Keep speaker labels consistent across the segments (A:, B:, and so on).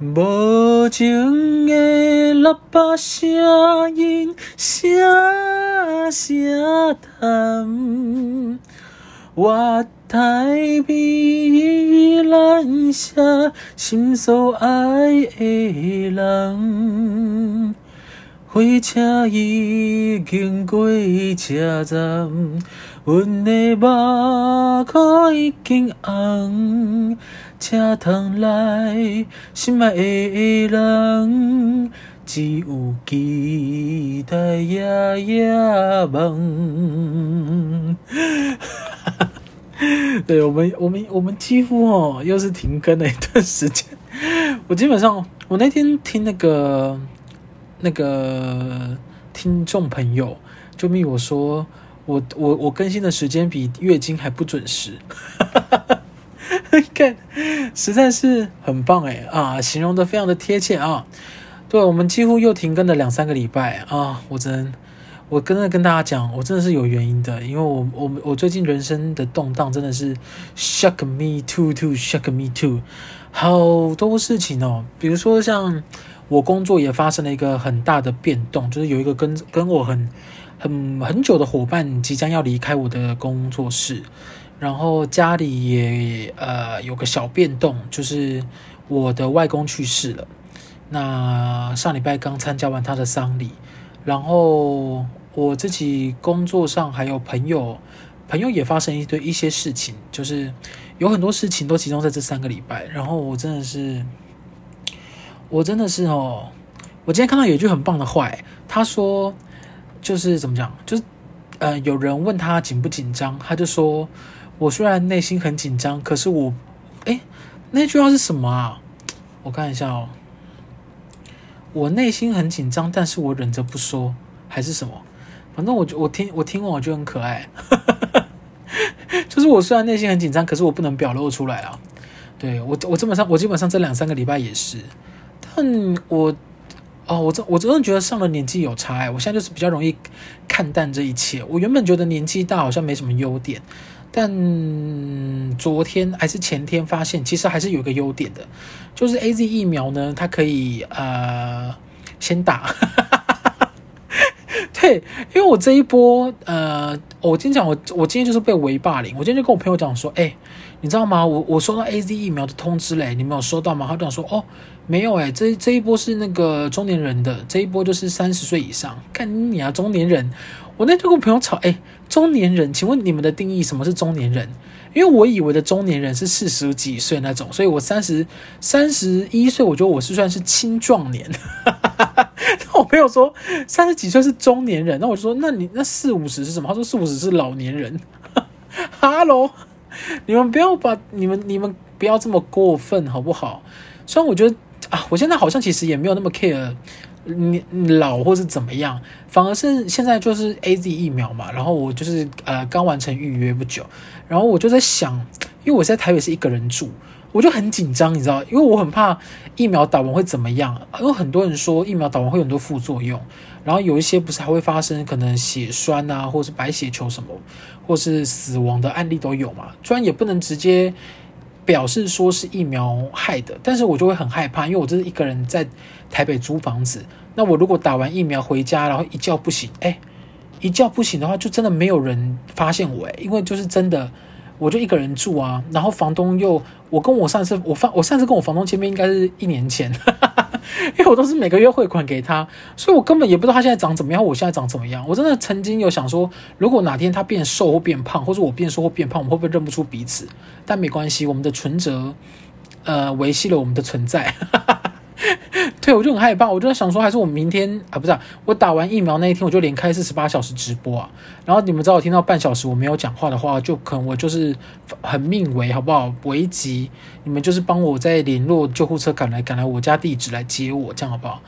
A: 無情的喇叭聲音聲聲響，月台邊人送心所愛的人。火車已經過車站，阮的眼眶已經紅。恰窗來，心愛的人，只有期待夜夜夢。 對我們，我們，我們幾乎哦、喔，又是停更了一段時間。我基本上，我那天聽那個那個聽眾朋友就問我說，說我，我，我更新的時間比月經還不準時。 看，實在是很棒誒啊，形容的非常的貼切啊！對，我們幾乎又停更了兩三個禮拜啊，我真我真的跟大家講，我真的是有原因的，因為我我我最近人生的動盪真的是 shock me too too shock me too。好多事情哦，比如說像我工作也發生了一個很大的變動，就是有一個跟跟我很很很久的夥伴即將要離開我的工作室。然後家裡也呃有個小變動，就是我的外公去世了。那上禮拜剛參加完他的喪禮，然後我自己工作上還有朋友，朋友也發生一堆一些事情，就是有很多事情都集中在這三個禮拜。然後我真的是，我真的是哦，我今天看到有一句很棒的話，他說就是怎麼講，就是呃有人問他緊不緊張，他就說。我雖然內心很緊張，可是我，欸，那句話是什麼啊？我看一下哦。我內心很緊張，但是我忍着不說，還是什麼？反正我我聽我聽完，我就很可愛。 就是我雖然內心很緊張，可是我不能表露出來啊。對，我我基本上我基本上這兩三個禮拜也是，但我哦，我真我真的覺得上了年紀有差欸，我現在就是比較容易看淡這一切。我原本覺得年紀大好像沒什麼優點。但昨天還是前天發現，其實還是有一個優點的,就是 A Z 疫苗呢，它可以啊、呃、先打。 對，因為我這一波，呃，我今天講，我我今天就是被圍霸凌。我今天就跟我朋友講說，哎、欸，你知道嗎？我我收到 A Z 疫苗的通知嘞、欸，你沒有收到嗎？他就講說，哦，沒有哎、欸，這一這一波是那個中年人的，這一波就是三十歲以上，看你啊，中年人。我那天跟朋友吵，哎、欸，中年人，請問你們的定義什麼是中年人？因為我以為的中年人是四十幾歲那種，所以我三十三十一歲，我覺得我是算是青壯年。呵呵，但我朋友說三十幾歲是中年人，那我就說那你那四五十是什麼？他說四五十是老年人。哈嘍，Hello, 你們不要把你們你們不要這麼過分，好不好？雖然我覺得啊，我現在好像其實也沒有那麼 care。你老或是怎麼樣，反而是現在就是 AZ 疫苗嘛，然後我就是呃剛完成預約不久，然後我就在想，因為我在台北是一個人住，我就很緊張，你知道，因為我很怕疫苗打完會怎麼樣，因為很多人說疫苗打完會有很多副作用，然後有一些不是還會發生可能血栓啊，或者是白血球什麼，或是死亡的案例都有嘛，雖然也不能直接。表示說，是疫苗害的，但是我就會很害怕，因為我這是一個人在台北租房子，那我如果打完疫苗回家，然後一覺不醒，哎，一覺不醒的話，就真的沒有人發現我，哎，因為就是真的。我就一個人住啊，然後房東又我跟我上次我房我上次跟我房東見面應該是一年前呵呵，因為我都是每個月匯款給他，所以我根本也不知道他現在長怎麼樣，我現在長怎麼樣。我真的曾經有想說，如果哪天他變瘦或變胖，或者我變瘦或變胖，我會不會認不出彼此？但沒關係，我們的存摺，呃，維繫了我們的存在。呵呵 對，我就很害怕，我就在想說，還是我明天啊，不是、啊、我打完疫苗那一天，我就連開四十八小時直播啊。然後你們只要我聽到半小時我沒有講話的話，就可能我就是很命危好不好？危急！你們就是幫我再聯絡救護車趕來，趕來我家地址來接我，這樣好不好？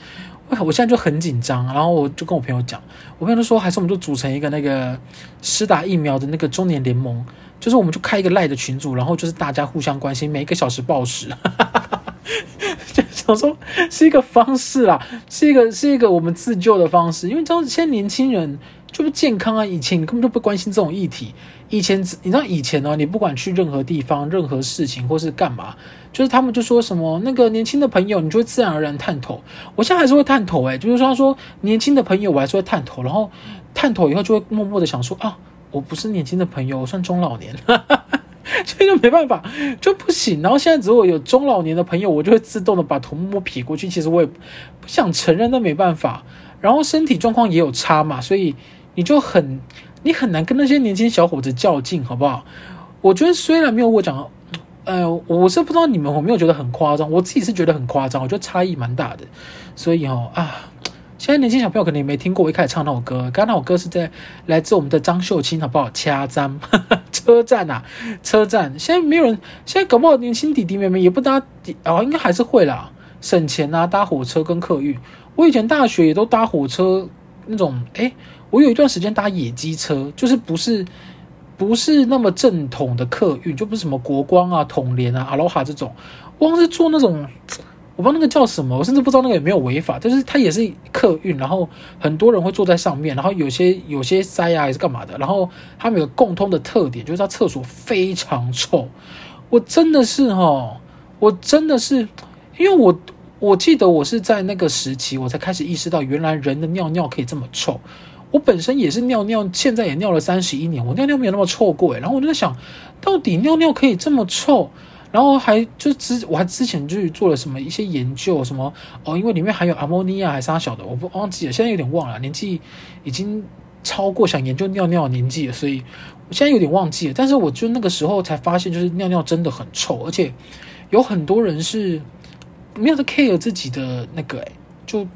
A: 我，我現在就很緊張，然後我就跟我朋友講，我朋友就說，還是我們就組成一個那個施打疫苗的那個中年聯盟，就是我們就開一個賴的群組，然後就是大家互相關心，每一個小時報時。 就想說是一個方式啦，是一個是一個我們自救的方式，因為你知道現在年輕人就不健康啊，以前你根本就不關心這種議題，以前你知道以前呢、喔，你不管去任何地方，任何事情或是幹嘛，就是他們就說什麼那個年輕的朋友，你就會自然而然探頭。我現在還是會探頭誒、欸，就是說他說年輕的朋友，我還是會探頭，然後探頭以後就會默默的想說啊，我不是年輕的朋友，我算中老年哈。 所以就沒辦法，就不行。然後現在只有有中老年的朋友，我就會自動的把頭摸摸撇過去。其實我也不想承認，那沒辦法。然後身體狀況也有差嘛，所以你就很你很難跟那些年輕小伙子較勁，好不好？我覺得雖然沒有我講，呃，我是不知道你們，我沒有覺得很誇張，我自己是覺得很誇張，我覺得差異蠻大的。所以哦，啊。現在年輕小朋友可能也沒聽過，我一開始唱那首歌。剛剛那首歌是在來自我們的張秀卿，好不好？掐站車站啊，車站。現在沒有人，現在搞不好年輕弟弟妹妹也不搭，哦，應該還是會啦。省錢啊，搭火車跟客運。我以前大學也都搭火車，那種誒、欸、我有一段時間搭野雞車，就是不是不是那麼正統的客運，就不是什麼國光啊、統聯啊、阿羅哈這種，光是坐那種。我不知道那個叫什麼，我甚至不知道那個有沒有違法，但是它也是客運，然後很多人會坐在上面，然後有些有些塞呀、啊，還是幹嘛的，然後他們有個共通的特點，就是它廁所非常臭。我真的是哦，我真的是，因為我我記得我是在那個時期我才開始意識到，原來人的尿尿可以這麼臭。我本身也是尿尿，現在也尿了三十一年，我尿尿沒有那麼臭過，欸，然後我就在想，到底尿尿可以這麼臭？然後還就之我還之前就是做了什麼一些研究什麼哦，因為裡面還有阿莫尼亞還是啥小的，我不忘記了，現在有點忘了，年紀已經超過想研究尿尿的年紀了，所以我現在有點忘記了。但是我就那個時候才發現，就是尿尿真的很臭，而且有很多人是沒有在 care 自己的那個、欸，就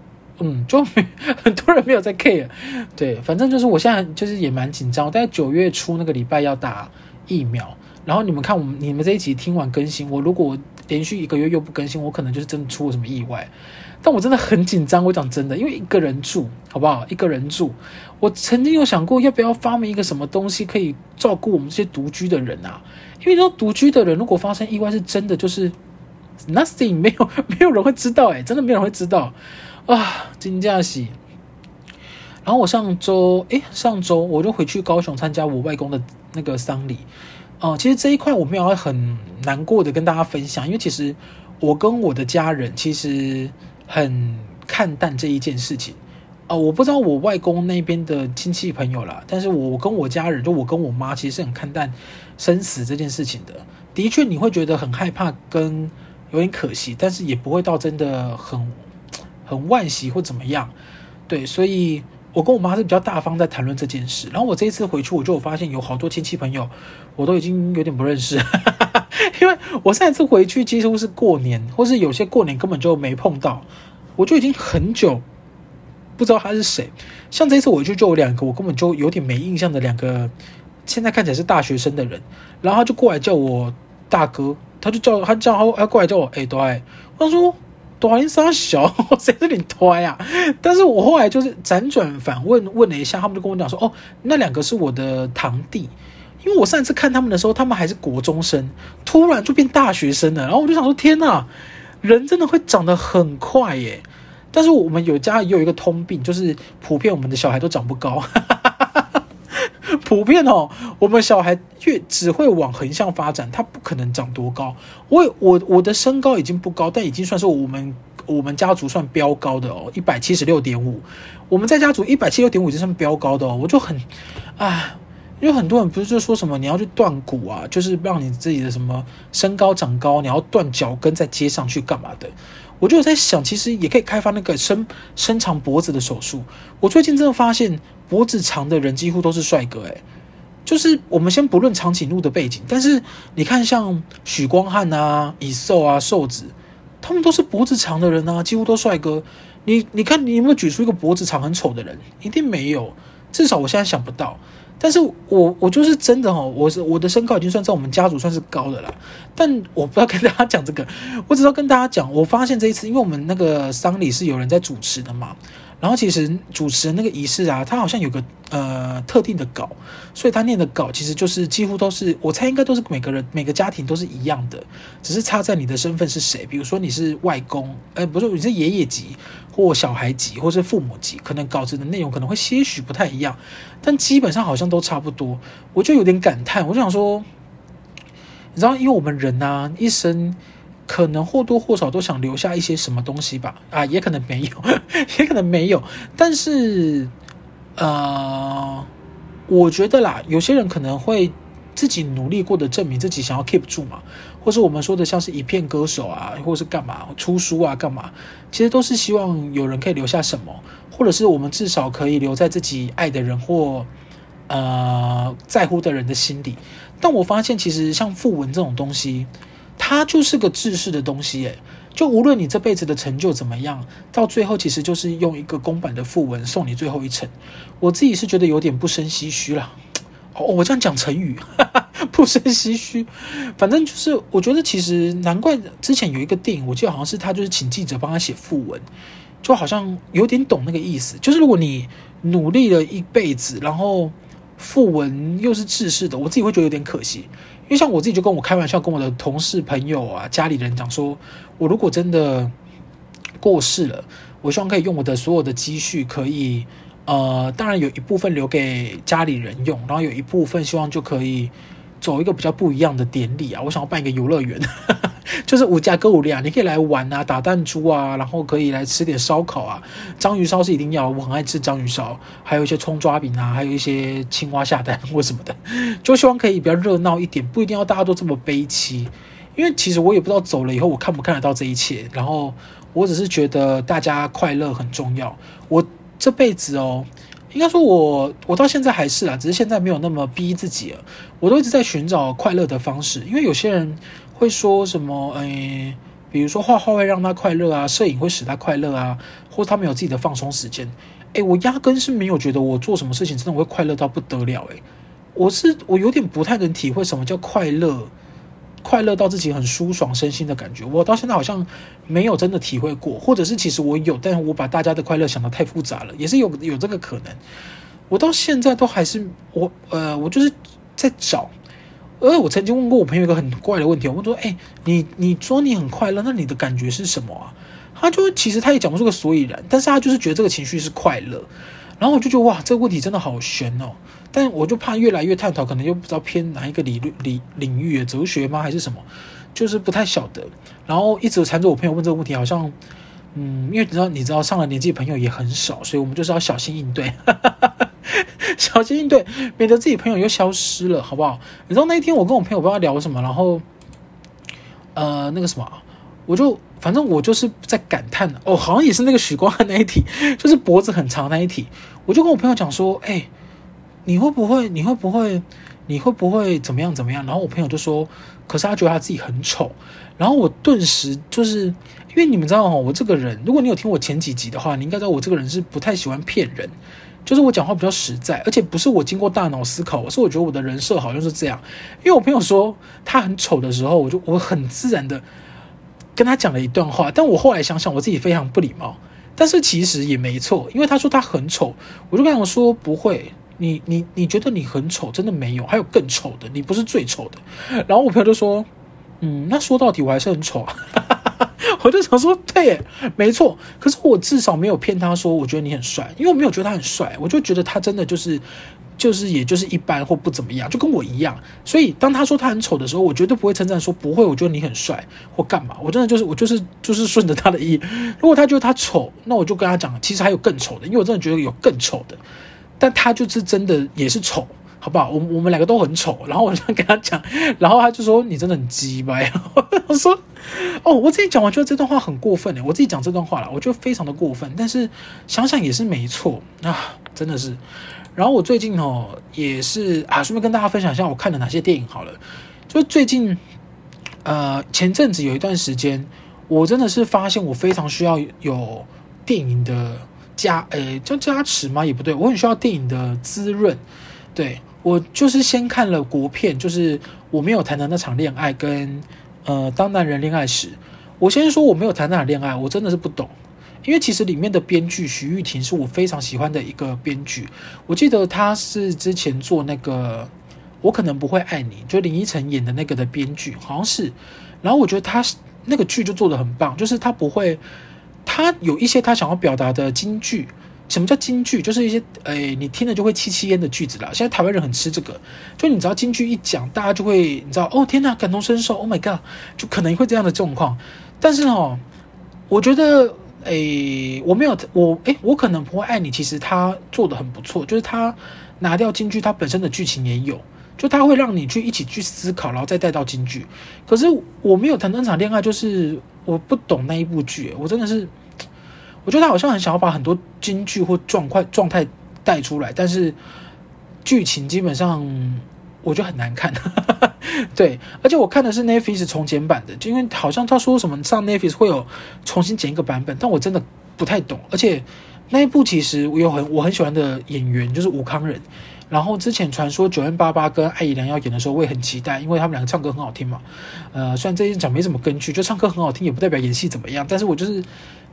A: 嗯，就很多人沒有在 care。對，反正就是我現在就是也蠻緊張，我在九月初那個禮拜要打疫苗。然後你們看，我們你們這一集聽完更新，我如果連續一個月又不更新，我可能就是真的出了什麼意外。但我真的很緊張，我講真的，因為一個人住，好不好？一個人住，我曾經有想過要不要發明一個什麼東西可以照顧我們這些獨居的人啊，因為說獨居的人如果發生意外，是真的就是 nothing，沒有沒有人會知道、欸，誒真的沒有人會知道啊，金佳喜。然後我上周，誒上周我就回去高雄參加我外公的那個喪禮。哦、嗯，其實這一塊我沒有很難過的跟大家分享，因為其實我跟我的家人其實很看淡這一件事情哦、呃，我不知道我外公那邊的親戚朋友啦，但是我跟我家人，就我跟我媽，其實是很看淡生死這件事情的。的確，你會覺得很害怕跟有點可惜，但是也不會到真的很很惋惜或怎麼樣，對，所以。我跟我媽是比較大方，在談論這件事。然後我這一次回去，我就發現有好多親戚朋友，我都已經有點不認識，哈哈哈哈，因為我上一次回去幾乎是過年，或是有些過年根本就沒碰到，我就已經很久不知道他是誰。像這一次我去，就有兩個我根本就有點沒印象的兩個，現在看起來是大學生的人，然後他就過來叫我大哥，他就叫他就叫他，他過來叫我，哎，欸，對，他說。多少年上學，我在這裡啊！但是我後來就是輾轉反問問了一下，他們就跟我講說，哦，那兩個是我的堂弟，因為我上次看他們的時候，他們還是國中生，突然就變大學生了。然後我就想說，天吶，人真的會長得很快耶！但是我們有家裡也有一個通病，就是普遍我們的小孩都長不高。哈哈。普遍哦，我們小孩越只會往橫向發展，他不可能長多高。我我我的身高已經不高，但已經算是我們我們家族算標高的哦，一百七十六點五。我們在家族一百七十六點五就算標高的哦。我就很啊，有很多人不是就說什麼你要去斷骨啊，就是讓你自己的什麼身高長高，你要斷腳跟再接上去幹嘛的？我就我在想，其實也可以開發那個伸伸長脖子的手術。我最近真的發現。脖子長的人幾乎都是帥哥、欸，誒，就是我們先不論長頸鹿的背景，但是你看像許光漢啊、乙瘦啊、瘦子，他們都是脖子長的人啊，幾乎都帥哥。你你看，你有沒有舉出一個脖子長很醜的人？一定沒有，至少我現在想不到。但是我我就是真的吼，我是我的身高已經算在我們家族算是高的啦，但我不要跟大家講這個，我只要跟大家講，我發現這一次，因為我們那個喪禮是有人在主持的嘛。然後其實主持人那個儀式啊，他好像有個呃特定的稿，所以他念的稿其實就是幾乎都是，我猜應該都是每個人每個家庭都是一樣的，只是差在你的身份是誰。比如說你是外公，哎、呃，不是，你是爺爺級，或小孩級，或是父母級，可能稿子的內容可能會些許不太一樣，但基本上好像都差不多。我就有點感嘆，我就想說，你知道，因為我們人呢、啊，一生。可能或多或少都想留下一些什麼東西吧，啊，也可能沒有，也可能沒有。但是，呃，我覺得啦，有些人可能會自己努力過的證明自己想要 keep 住嘛，或是我們說的像是一片歌手啊，或是幹嘛出書啊，幹嘛，其實都是希望有人可以留下什麼，或者是我們至少可以留在自己愛的人或呃在乎的人的心裡。但我發現，其實像訃文這種東西。他就是個製式的東西，欸，哎，就無論你這輩子的成就怎麼樣，到最後其實就是用一個公版的訃文送你最後一程。我自己是覺得有點不勝唏噓啦。哦，我這樣講成語，呵呵，不勝唏噓。反正就是，我覺得其實難怪之前有一個電影，我記得好像是他就是請記者幫他寫訃文，就好像有點懂那個意思。就是如果你努力了一輩子，然後。訃文又是製式的，我自己會覺得有點可惜，因為像我自己就跟我開玩笑，跟我的同事朋友啊、家裡人講說，我如果真的過世了，我希望可以用我的所有的積蓄，可以呃，當然有一部分留給家裡人用，然後有一部分希望就可以。走一個比較不一樣的典禮啊！我想要辦一個遊樂園，呵呵，就是五家歌舞廳啊，你可以來玩啊，打彈珠啊，然後可以來吃點燒烤啊，章魚燒是一定要，我很愛吃章魚燒，還有一些蔥抓餅啊，還有一些青蛙下蛋或什麼的，就希望可以比較熱鬧一點，不一定要大家都這麼悲戚，因為其實我也不知道走了以後我看不看得到這一切，然後我只是覺得大家快樂很重要，我這輩子哦。應該說我，我我到現在還是啦，只是現在沒有那麼逼自己了。我都一直在尋找快樂的方式，因為有些人會說什麼，哎、欸，比如說畫畫會讓他快樂啊，攝影會使他快樂啊，或者他沒有自己的放鬆時間，哎、欸，我壓根是沒有覺得我做什麼事情真的會快樂到不得了、欸，哎，我是我有點不太能體會什麼叫快樂。快樂到自己很舒爽，身心的感覺，我到現在好像沒有真的體會過，或者是其實我有，但我把大家的快樂想得太複雜了，也是有有這個可能。我到現在都還是我呃，我就是在找。呃，我曾經問過我朋友一個很怪的問題，我問說：“誒、欸，你你說你很快樂，那你的感覺是什麼啊？”他就其實他也講不出個所以然，但是他就是覺得這個情緒是快樂，然後我就覺得哇，這個問題真的好玄哦、喔。但我就怕越來越探討，可能又不知道偏哪一個理論、理領域，哲學嗎？還是什麼？就是不太曉得。然後一直纏着我朋友問這個問題，好像，嗯，因為你知道，你知道上了年紀朋友也很少，所以我們就是要小心應對， 小心應對，免得自己朋友又消失了，好不好？你知道那一天我跟我朋友不知道聊什麼，然後，呃，那個什麼，我就反正我就是在感嘆，哦，好像也是那個許光漢那一體，就是脖子很長的那一體，我就跟我朋友講說，哎。你會不會？你會不會？你會不會怎麼樣？怎麼樣？然後我朋友就說：“可是他覺得他自己很醜。”然後我頓時就是，因為你們知道我這個人，如果你有聽我前幾集的話，你應該知道我這個人是不太喜歡騙人，就是我講話比較實在，而且不是我經過大腦思考，我是我覺得我的人設好像是這樣。因為我朋友說他很醜的時候，我就我很自然的跟他講了一段話。但我後來想想，我自己非常不禮貌。但是其實也沒錯，因為他說他很醜，我就跟他說不會。你你你覺得你很醜，真的沒有，還有更醜的，你不是最醜的。然後我朋友就說，嗯，那說到底我還是很醜啊。 我就想說，對，沒錯。可是我至少沒有騙他說，我覺得你很帥，因為我沒有覺得他很帥，我就覺得他真的就是，就是也就是一般或不怎麼樣，就跟我一樣。所以當他說他很醜的時候，我絕對不會稱讚說不會，我覺得你很帥或幹嘛。我真的就是我就是就是順着他的意。如果他覺得他醜，那我就跟他講，其實還有更醜的，因為我真的覺得有更醜的。但他就是真的也是醜，好不好？我我們兩個都很醜。然後我就跟他講，然後他就說：“你真的很雞掰。”我說：“哦，我自己講完，覺得這段話很過分。我自己講這段話了，我覺得非常的過分。但是想想也是沒錯啊，真的是。”然後我最近哦也是啊，順便跟大家分享一下我看了哪些電影好了。就最近，呃，前陣子有一段時間，我真的是發現我非常需要有電影的。加，誒、欸，叫加持嗎？也不對，我很需要電影的滋潤。對，我就是先看了國片，就是我沒有談的那場戀愛跟，呃，當男人戀愛時，我先說我沒有談那場戀愛，我真的是不懂，因為其實裡面的編劇徐譽庭是我非常喜歡的一個編劇，我記得他是之前做那個，我可能不會愛你，就林依晨演的那個的編劇，好像是，然後我覺得他那個劇就做得很棒，就是他不會。他有一些他想要表達的金句，什麼叫金句？就是一些誒、哎，你聽了就會戚戚焉的句子啦。現在台灣人很吃這個，就你知道金句一講，大家就會你知道哦，天哪，感同身受，Oh my god，就可能會這樣的狀況。但是哦，我覺得誒、哎，我沒有我誒、哎，我可能不會愛你。其實他做得很不錯，就是他拿掉金句，他本身的劇情也有，就他會讓你去一起去思考，然後再帶到金句。可是我沒有談那場戀愛，就是。我不懂那一部劇，我真的是，我覺得他好像很想要把很多金句或狀快狀態帶出來，但是劇情基本上我就很難看。呵呵對，而且我看的是 Netflix 重剪版的，就因為好像他說什麼上 Netflix 會有重新剪一個版本，但我真的不太懂。而且那一部其實我有很我很喜歡的演員，就是吳慷仁。然後之前傳說 9m88 跟艾怡良要演的時候，我也很期待，因為他們兩個唱歌很好聽嘛。呃，雖然這一講沒什麼根據，就唱歌很好聽也不代表演戲怎麼樣。但是我就是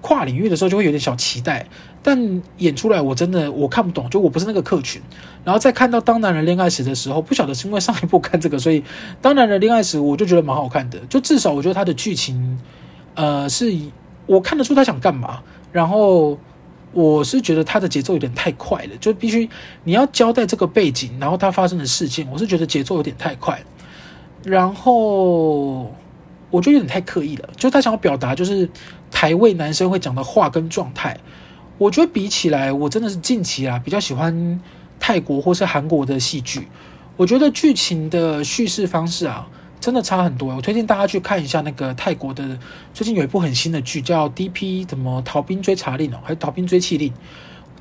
A: 跨領域的時候就會有點小期待。但演出來我真的我看不懂，就我不是那個客群。然後在看到《當男人戀愛時》的時候，不曉得是因為上一部看這個，所以《當男人戀愛時》我就覺得蠻好看的。就至少我覺得他的劇情，呃，是我看得出他想幹嘛。然後。我是覺得他的節奏有點太快了，就必須你要交代這個背景，然後他發生的事件。我是覺得節奏有點太快，然後我覺得有點太刻意了。就他想要表達，就是台味男生會講的話跟狀態，我覺得比起來，我真的是近期啊比較喜歡泰國或是韓國的戲劇。我覺得劇情的敘事方式啊。真的差很多。欸，我推薦大家去看一下那個泰國的，最近有一部很新的劇叫《D.P.》什麼逃兵追查令，哦，還是逃兵追氣令，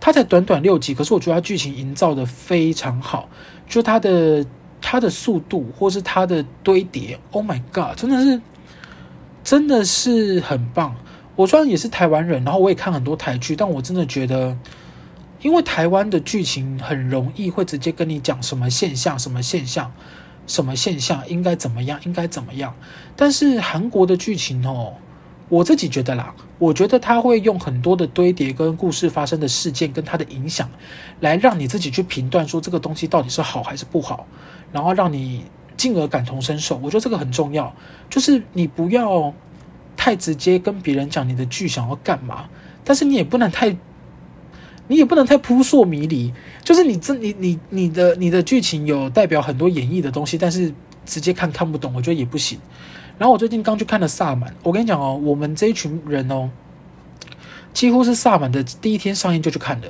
A: 它才短短六集，可是我覺得它劇情營造得非常好，就它的它的速度或是它的堆疊，Oh my God，真的是真的是很棒。我雖然也是台灣人，然後我也看很多台劇，但我真的覺得，因為台灣的劇情很容易會直接跟你講什麼現象，什麼現象。什麼現象應該怎麼樣，應該怎麼樣？但是韓國的劇情哦，我自己覺得啦，我覺得他會用很多的堆疊跟故事發生的事件跟它的影響，來讓你自己去評斷說這個東西到底是好還是不好，然後讓你進而感同身受。我覺得這個很重要，就是你不要太直接跟別人講你的劇想要幹嘛，但是你也不能太。你也不能太撲朔迷離，就是你這你你你的你的劇情有代表很多演繹的東西，但是直接看看不懂，我覺得也不行。然後我最近剛去看了《薩滿》，我跟你講哦，我們這一群人哦，幾乎是《薩滿》的第一天上映就去看的。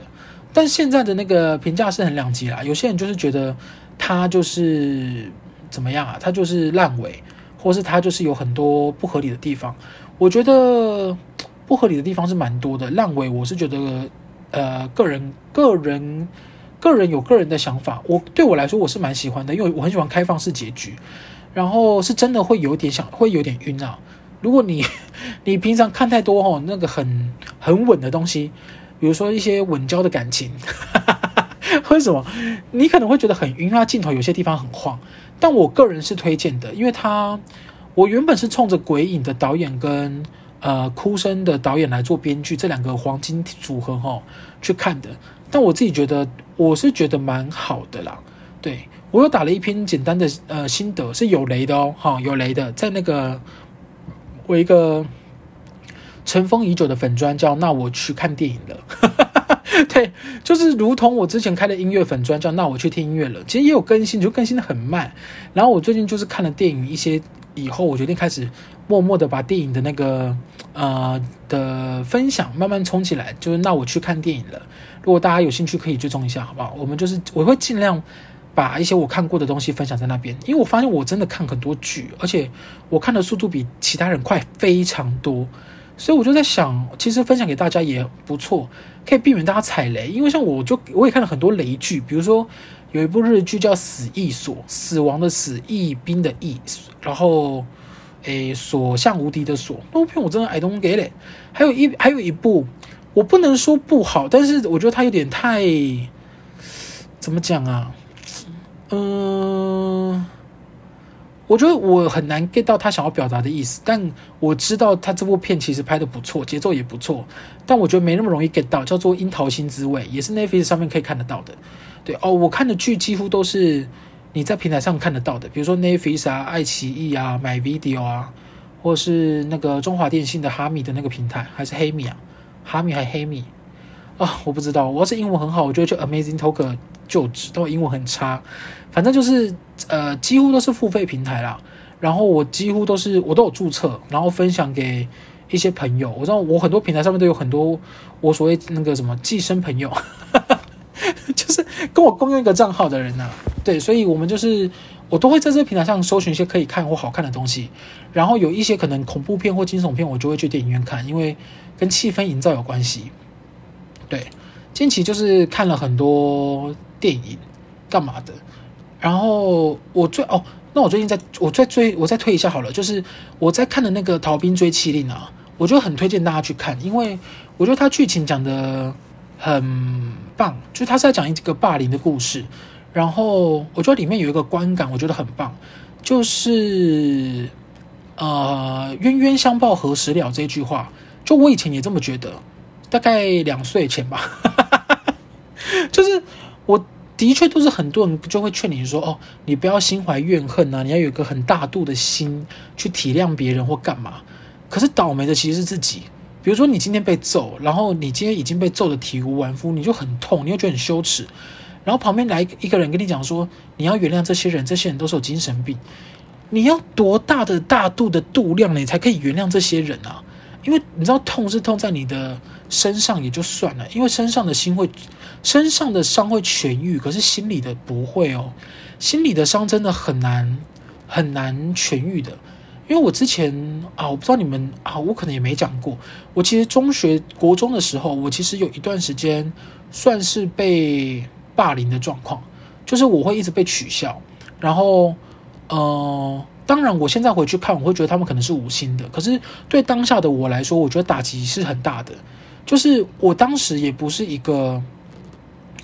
A: 但現在的那個評價是很兩極啦。有些人就是覺得他就是怎麼樣啊，他就是爛尾，或是他就是有很多不合理的地方。我覺得不合理的地方是蠻多的，爛尾我是覺得。呃，個人個人個人有個人的想法。我對我來說，我是蠻喜歡的，因為我很喜歡開放式結局。然後是真的會有點想，會有點暈啊。如果你你平常看太多哦，那個很很穩的東西，比如說一些穩交的感情，哈哈哈哈，為什麼你可能會覺得很暈啊？因為它鏡頭有些地方很晃。但我個人是推薦的，因為它我原本是衝着鬼影的導演跟。呃，哭聲的導演來做編劇，這兩個黃金組合吼、哦、去看的。但我自己覺得，我是覺得蠻好的啦。對，我又打了一篇簡單的呃心得，是有雷的哦，哈、哦，有雷的。在那個我一個塵封已久的粉專叫“那我去看電影了”， 對，就是如同我之前開的音樂粉專叫“那我去聽音樂了”。其實也有更新，就更新得很慢。然後我最近就是看了電影一些以後，我決定開始。默默的把電影的那個呃的分享慢慢衝起來，就是那我去看電影了。如果大家有興趣，可以追蹤一下，好不好？我們就是我會盡量把一些我看過的東西分享在那邊，因為我發現我真的看很多劇，而且我看的速度比其他人快非常多，所以我就在想，其實分享給大家也不錯，可以避免大家踩雷。因為像我就我也看了很多雷劇，比如說有一部日劇叫《死役所死亡的死役兵的役》，然後。誒，所向無敵的所，那部片我真的 I don't get it 嘞。還有一還有一部，我不能說不好，但是我覺得他有點太，怎麼講啊？嗯，我覺得我很難 get 到他想要表達的意思。但我知道他這部片其實拍得不錯，節奏也不錯，但我覺得沒那麼容易 get 到。叫做《櫻桃心之味》，也是 Netflix 上面可以看得到的。對哦，我看的劇幾乎都是。你在平台上看得到的，比如說 Netflix 啊、愛奇藝啊、MyVideo 啊，或者是那個中華電信的哈米的那個平台，還是黑米啊？哈米還是黑米啊？我不知道。我要是英文很好，我覺得就 Amazing Talker 就知道。英文很差，反正就是呃，幾乎都是付費平台啦。然後我幾乎都是我都有注冊，然後分享給一些朋友。我知道我很多平台上面都有很多我所謂那個什麼寄生朋友，呵呵就是跟我共用一個賬號的人吶、啊。對，所以，我們就是我都會在這個平台上搜尋一些可以看或好看的東西，然後有一些可能恐怖片或驚悚片，我就會去電影院看，因為跟氣氛營造有關係。對，近期就是看了很多電影，幹嘛的？然後我最哦，那我最近在，我在追，我再推一下好了，就是我在看的那個《逃兵追緝令》啊，我就很推薦大家去看，因為我覺得他劇情講得很棒，就是他是在講一個霸凌的故事。然後我覺得裡面有一個觀感，我覺得很棒，就是，呃，“冤冤相報何時了”這句話，就我以前也這麼覺得，大概兩歲前吧哈哈哈哈，就是我的確都是很多人就會勸你說：“哦，你不要心懷怨恨吶、啊，你要有一個很大度的心去體諒別人或幹嘛。”可是倒霉的其實是自己，比如說你今天被揍，然後你今天已經被揍得體無完膚，你就很痛，你又覺得很羞恥。然後旁邊來一個人跟你講說，你要原諒這些人，這些人都是有精神病。你要多大的大度的度量你才可以原諒這些人啊？因為你知道，痛是痛在你的身上也就算了，因為身上的心會、身上的傷會痊癒，可是心裡的不會哦。心裡的傷真的很難很難痊癒的。因為我之前啊，我不知道你們啊，我可能也沒講過。我其實中學國中的時候，我其實有一段時間算是被。霸凌的狀況，就是我會一直被取笑，然後，呃，當然，我現在回去看，我會覺得他們可能是無心的，可是對當下的我來說，我覺得打擊是很大的。就是我當時也不是一個，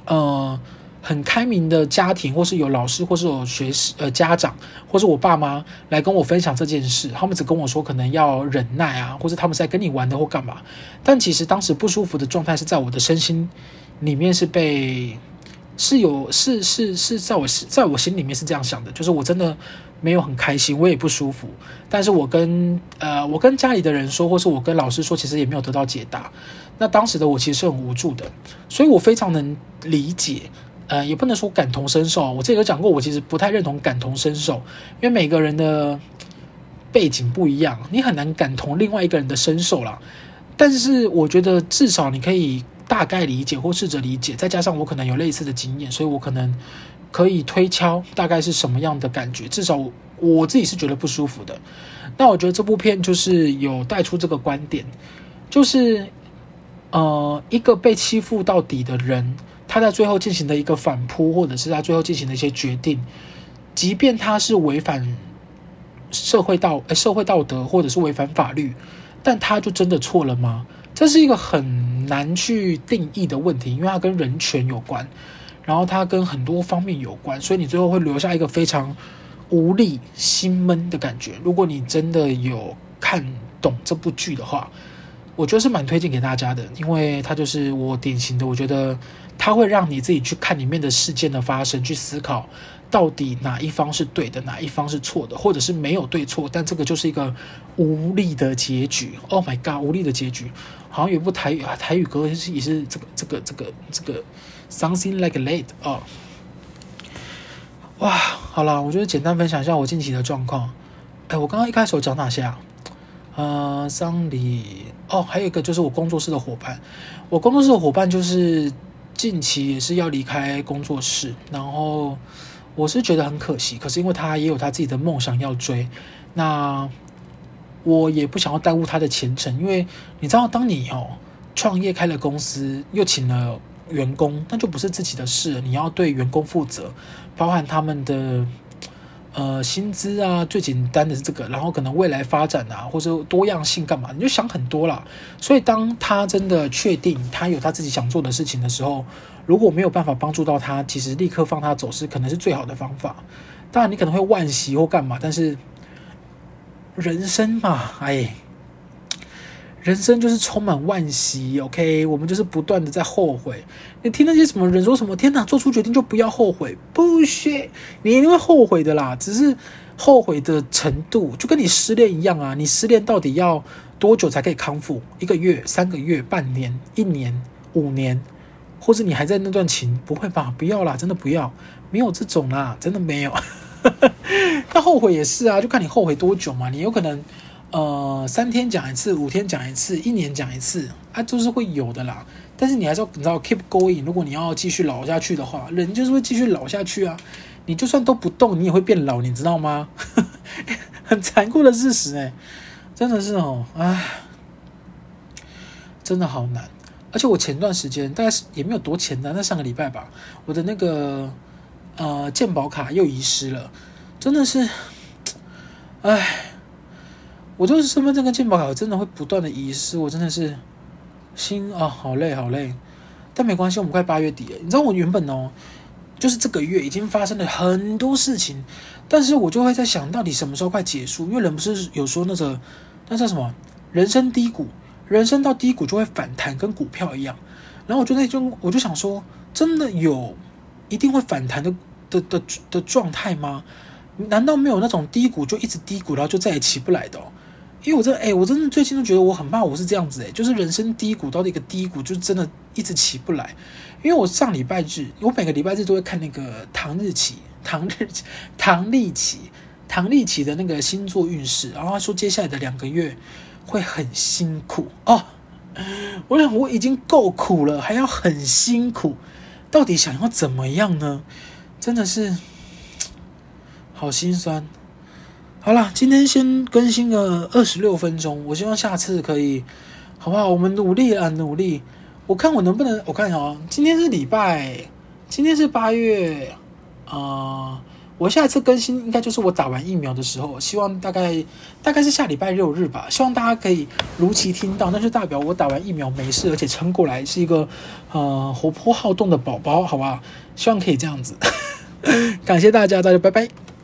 A: 呃，很開明的家庭，或是有老師，或是有學生呃，家長，或是我爸媽來跟我分享這件事，他們只跟我說可能要忍耐啊，或是他們是在跟你玩的或幹嘛。但其實當時不舒服的狀態是在我的身心裡面是被。是有是是是在我在我心裡面是這樣想的，就是我真的沒有很開心，我也不舒服。但是我跟呃我跟家裡的人說，或是我跟老師說，其實也沒有得到解答。那當時的我其實是很無助的，所以我非常能理解。呃，也不能說感同身受。我這個講過，我其實不太認同感同身受，因為每個人的背景不一樣，你很難感同另外一個人的身受啦。但是我覺得至少你可以。大概理解或試着理解，再加上我可能有類似的經驗，所以我可能可以推敲大概是什麼樣的感覺。至少我自己是覺得不舒服的。那我覺得這部片就是有帶出這個觀點，就是呃，一個被欺負到底的人，他在最後進行的一個反撲，或者是他最後進行的一些決定，即便他是違反社會道、社會道德，或者是違反法律，但他就真的錯了嗎？這是一個很難去定義的問題，因為它跟人權有關，然後它跟很多方面有關，所以你最後會留下一個非常無力、心悶的感覺。如果你真的有看懂這部劇的話，我覺得是蠻推薦給大家的，因為它就是我典型的，我覺得它會讓你自己去看裡面的事件的發生，去思考到底哪一方是對的，哪一方是錯的，或者是沒有對錯，但這個就是一個無力的結局。Oh my god，無力的結局。好像有部台語、啊、台語歌也是，也是這個這個這個這個，something like that 啊、哦，哇，好了，我就是簡單分享一下我近期的狀況。哎，我剛剛一開始我講哪些啊？嗯、呃，喪禮哦，還有一個就是我工作室的夥伴，我工作室的夥伴就是近期也是要離開工作室，然後我是覺得很可惜，可是因為他也有他自己的夢想要追，那。我也不想要耽誤他的前程，因為你知道，當你哦創業開了公司，又請了員工，那就不是自己的事，你要對員工負責，包含他們的呃薪資啊，最簡單的是這個，然後可能未來發展啊，或者多樣性幹嘛，你就想很多啦。所以當他真的確定他有他自己想做的事情的時候，如果沒有辦法幫助到他，其實立刻放他走是可能是最好的方法。當然，你可能會惋惜或幹嘛，但是。人生嘛，哎，人生就是充滿惋惜。OK，我們就是不斷的在後悔。你聽那些什麼人說什麼？天哪，做出決定就不要後悔，不屑，你一定會後悔的啦。只是後悔的程度，就跟你失戀一樣啊。你失戀到底要多久才可以康復？一個月、三個月、半年、一年、五年，或者你還在那段情？不會吧？不要啦，真的不要，沒有這種啦，真的沒有。 那後悔也是啊，就看你後悔多久嘛。你有可能，呃，三天講一次，五天講一次，一年講一次，啊，就是會有的啦。但是你還是要，等到 keep going。如果你要繼續老下去的話，人就是會繼續老下去啊。你就算都不動，你也會變老，你知道嗎？ 很殘酷的事實誒、欸。真的是哦，唉，真的好難。而且我前段時間，大概也沒有多前的，那上個禮拜吧，我的那個。呃，健保卡又遺失了，真的是，唉，我就是身份證跟健保卡真的會不斷的遺失，我真的是心啊，好累好累。但沒關係，我們快八月底了。你知道我原本哦，就是這個月已經發生了很多事情，但是我就會在想，到底什麼時候快結束？因為人不是有說那個那叫什麼？人生低谷，人生到低谷就會反彈，跟股票一樣。然後我就那就我就想說，真的有一定會反彈的。的的的狀態嗎？難道沒有那種低谷就一直低谷，然後就再也起不來的，哦？因為我這哎、欸，我真的最近都覺得我很怕，我是這樣子哎、欸，就是人生低谷到一個低谷，就真的一直起不來。因為我上禮拜日，我每個禮拜日都會看那個唐立淇，唐立，唐立淇，唐立淇的那個星座運勢，然後他說接下來的兩個月會很辛苦哦。我想我已經夠苦了，還要很辛苦，到底想要怎麼樣呢？真的是好心酸。好啦，今天先更新個二十六分鐘，我希望下次可以，好不好？我們努力啊，努力！我看我能不能，我看哦、啊，今天是禮拜，今天是八月，啊、呃，我下次更新應該就是我打完疫苗的時候，希望大概大概是下禮拜六日吧。希望大家可以如期聽到，那就代表我打完疫苗沒事，而且撐過來是一個呃活潑好動的寶寶，好吧？希望可以這樣子， 感謝大家，大家拜拜。